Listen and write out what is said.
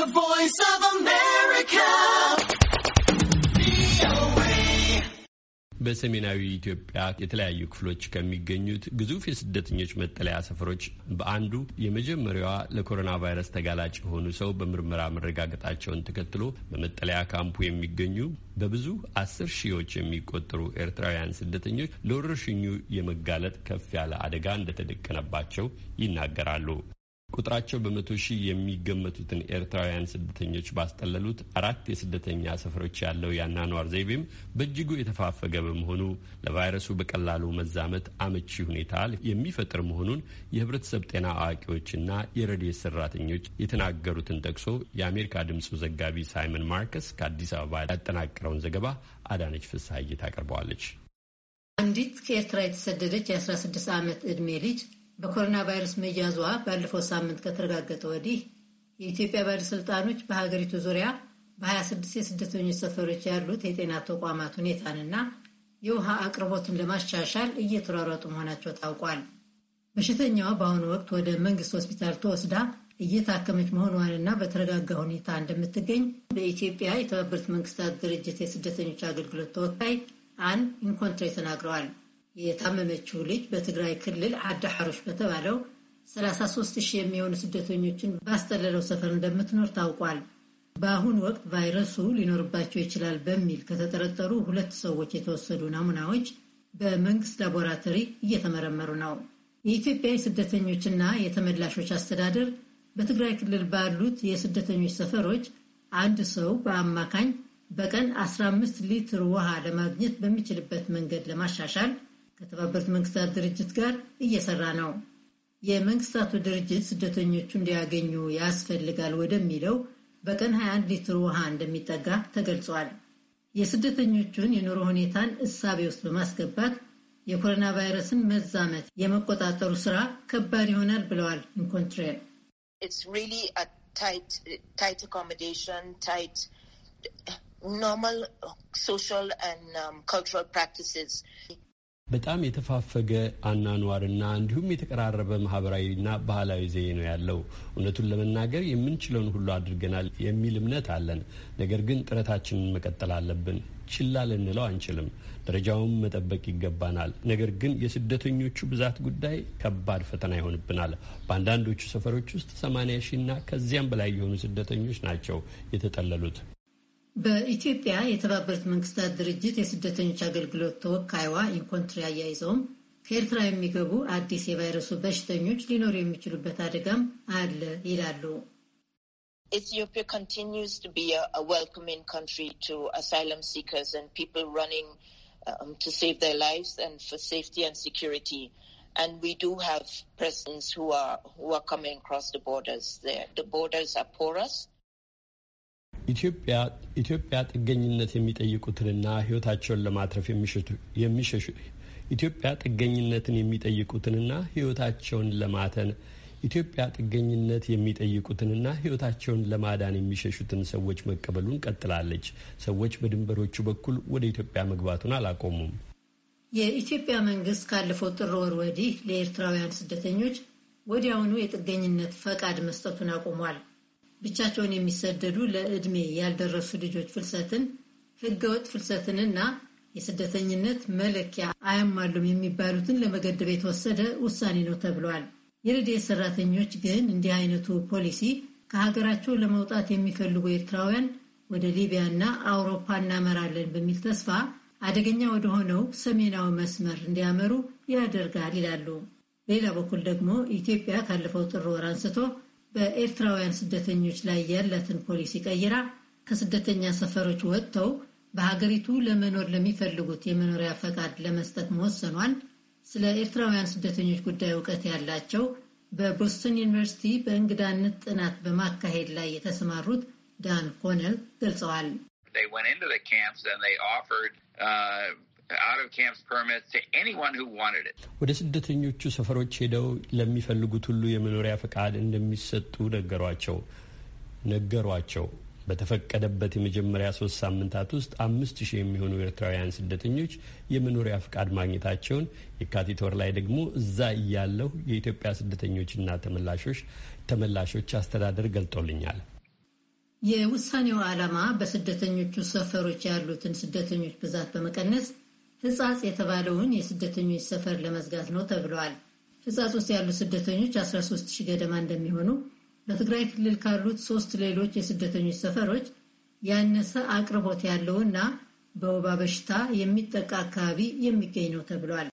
The Voice of America. በሰሜናዊ ኢትዮጵያ የተለያዩ ክፍሎች ከሚገኙት ግዙፍ የስደተኞች መጠለያ ሰፈሮች በአንዱ የመጀመሪያዋ ለኮሮና ቫይረስ ተጋላጭ የሆኑ ሰው በምርመራ መረጋገጣቸውን ተከትሎ በመጠለያ ካምፑ የሚገኙ በብዙ አስር ሺዎች የሚቆጠሩ ኤርትራውያን ስደተኞች ለወረርሽኙ የመጋለጥ ከፍ ያለ አደጋ እንደተደቀነባቸው ይናገራሉ። ቁጥራቸው በመቶ ሺህ የሚገመቱትን ኤርትራውያን ስደተኞች ባስጠለሉት አራት የስደተኛ ሰፈሮች ያለው የአኗኗር ዘይቤም በእጅጉ የተፋፈገ በመሆኑ ለቫይረሱ በቀላሉ መዛመት አመቺ ሁኔታ የሚፈጥር መሆኑን የሕብረተሰብ ጤና አዋቂዎችና የረድኤት ሰራተኞች የተናገሩትን ጠቅሶ የአሜሪካ ድምፁ ዘጋቢ ሳይመን ማርከስ ከአዲስ አበባ ያጠናቀረውን ዘገባ አዳነች ፍስሐዬ ታቀርበዋለች። አንዲት ከኤርትራ የተሰደደች የ16 ዓመት ዕድሜ ልጅ በኮሮና ቫይረስ መያዟ ባለፈው ሳምንት ከተረጋገጠ ወዲህ የኢትዮጵያ ባለሥልጣኖች በሀገሪቱ ዙሪያ በ26 የስደተኞች ሰፈሮች ያሉት የጤና ተቋማት ሁኔታንና የውሃ አቅርቦትን ለማሻሻል እየተሯሯጡ መሆናቸው ታውቋል። በሽተኛዋ በአሁኑ ወቅት ወደ መንግስት ሆስፒታል ተወስዳ እየታከመች መሆኗንና በተረጋጋ ሁኔታ እንደምትገኝ በኢትዮጵያ የተባበሩት መንግስታት ድርጅት የስደተኞች አገልግሎት ተወካይ አን ኢንኮንትሬ ተናግረዋል። የታመመችው ልጅ በትግራይ ክልል አዳ ሐሮች በተባለው 33 ሺህ የሚሆኑ ስደተኞችን ባስጠለለው ሰፈር እንደምትኖር ታውቋል። በአሁኑ ወቅት ቫይረሱ ሊኖርባቸው ይችላል በሚል ከተጠረጠሩ ሁለት ሰዎች የተወሰዱ ናሙናዎች በመንግስት ላቦራቶሪ እየተመረመሩ ነው። የኢትዮጵያ የስደተኞችና የተመላሾች አስተዳደር በትግራይ ክልል ባሉት የስደተኞች ሰፈሮች አንድ ሰው በአማካኝ በቀን 15 ሊትር ውሃ ለማግኘት በሚችልበት መንገድ ለማሻሻል ከተባበሩት መንግስታት ድርጅት ጋር እየሰራ ነው። የመንግስታቱ ድርጅት ስደተኞቹ እንዲያገኙ ያስፈልጋል ወደሚለው በቀን 21 ሊትር ውሃ እንደሚጠጋ ተገልጿል። የስደተኞቹን የኑሮ ሁኔታን እሳቤ ውስጥ በማስገባት የኮሮና ቫይረስን መዛመት የመቆጣጠሩ ስራ ከባድ ይሆናል ብለዋል ፕራክቲስስ በጣም የተፋፈገ አናኗርና እንዲሁም የተቀራረበ ማህበራዊና ባህላዊ ዘዬ ነው ያለው። እውነቱን ለመናገር የምንችለውን ሁሉ አድርገናል የሚል እምነት አለን። ነገር ግን ጥረታችንን መቀጠል አለብን። ችላ ልንለው አንችልም። ደረጃውን መጠበቅ ይገባናል። ነገር ግን የስደተኞቹ ብዛት ጉዳይ ከባድ ፈተና ይሆንብናል። በአንዳንዶቹ ሰፈሮች ውስጥ ሰማንያ ሺህ ከዚያም በላይ የሆኑ ስደተኞች ናቸው የተጠለሉት። በኢትዮጵያ የተባበሩት መንግስታት ድርጅት የስደተኞች አገልግሎት ተወካይዋ ኢንኮንትሪ አያይዘውም ከኤርትራ የሚገቡ አዲስ የቫይረሱ በሽተኞች ሊኖሩ የሚችሉበት አደጋም አለ ይላሉ። Ethiopia continues to be a, a welcoming country to asylum seekers and people running um, to save their lives and for safety and security. And we do have persons who are, who are coming across the borders there. The borders are porous. ኢትዮጵያ ጥገኝነት የሚጠይቁትንና ህይወታቸውን ለማትረፍ የሚሸሹ ኢትዮጵያ ጥገኝነትን የሚጠይቁትንና ህይወታቸውን ለማተን ኢትዮጵያ ጥገኝነት የሚጠይቁትንና ህይወታቸውን ለማዳን የሚሸሹትን ሰዎች መቀበሉን ቀጥላለች። ሰዎች በድንበሮቹ በኩል ወደ ኢትዮጵያ መግባቱን አላቆሙም። የኢትዮጵያ መንግስት ካለፈው ጥር ወር ወዲህ ለኤርትራውያን ስደተኞች ወዲያውኑ የጥገኝነት ፈቃድ መስጠቱን አቁሟል። ብቻቸውን የሚሰደዱ ለዕድሜ ያልደረሱ ልጆች ፍልሰትን፣ ህገወጥ ፍልሰትንና የስደተኝነት መለኪያ አያማሉም የሚባሉትን ለመገደብ የተወሰደ ውሳኔ ነው ተብሏል። የረድኤት ሰራተኞች ግን እንዲህ አይነቱ ፖሊሲ ከሀገራቸው ለመውጣት የሚፈልጉ ኤርትራውያን ወደ ሊቢያ እና አውሮፓ እናመራለን በሚል ተስፋ አደገኛ ወደ ሆነው ሰሜናዊ መስመር እንዲያመሩ ያደርጋል ይላሉ። በሌላ በኩል ደግሞ ኢትዮጵያ ካለፈው ጥር ወር አንስቶ በኤርትራውያን ስደተኞች ላይ ያላትን ፖሊሲ ቀይራ ከስደተኛ ሰፈሮች ወጥተው በሀገሪቱ ለመኖር ለሚፈልጉት የመኖሪያ ፈቃድ ለመስጠት መወሰኗን ስለ ኤርትራውያን ስደተኞች ጉዳይ እውቀት ያላቸው በቦስተን ዩኒቨርሲቲ በእንግዳነት ጥናት በማካሄድ ላይ የተሰማሩት ዳን ኮነል ገልጸዋል። ወደ ስደተኞቹ ሰፈሮች ሄደው ለሚፈልጉት ሁሉ የመኖሪያ ፈቃድ እንደሚሰጡ ነገሯቸው ነገሯቸው። በተፈቀደበት የመጀመሪያ ሶስት ሳምንታት ውስጥ አምስት ሺህ የሚሆኑ ኤርትራውያን ስደተኞች የመኖሪያ ፍቃድ ማግኘታቸውን የካቲት ወር ላይ ደግሞ እዛ እያለሁ የኢትዮጵያ ስደተኞችና ተመላሾች ተመላሾች አስተዳደር ገልጦልኛል። የውሳኔው ዓላማ በስደተኞቹ ሰፈሮች ያሉትን ስደተኞች ብዛት በመቀነስ ህጻጽ የተባለውን የስደተኞች ሰፈር ለመዝጋት ነው ተብሏል። ሕጻጽ ውስጥ ያሉ ስደተኞች 13 ሺህ ገደማ እንደሚሆኑ በትግራይ ክልል ካሉት ሶስት ሌሎች የስደተኞች ሰፈሮች ያነሰ አቅርቦት ያለውና በወባ በሽታ የሚጠቃ አካባቢ የሚገኝ ነው ተብሏል።